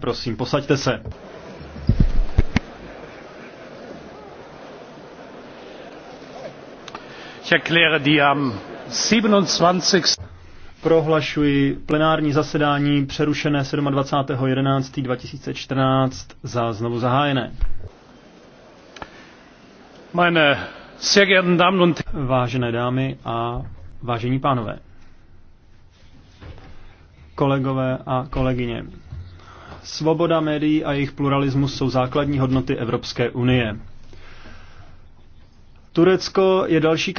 Prosím, posaďte se. Prohlašuji plenární zasedání přerušené 27.11.2014 za znovu zahájené. Meine sehr geehrten Damen und Vážené dámy a vážení pánové, kolegové a kolegyně, Svoboda médií a jejich pluralismus jsou základní hodnoty Evropské unie. Turecko je další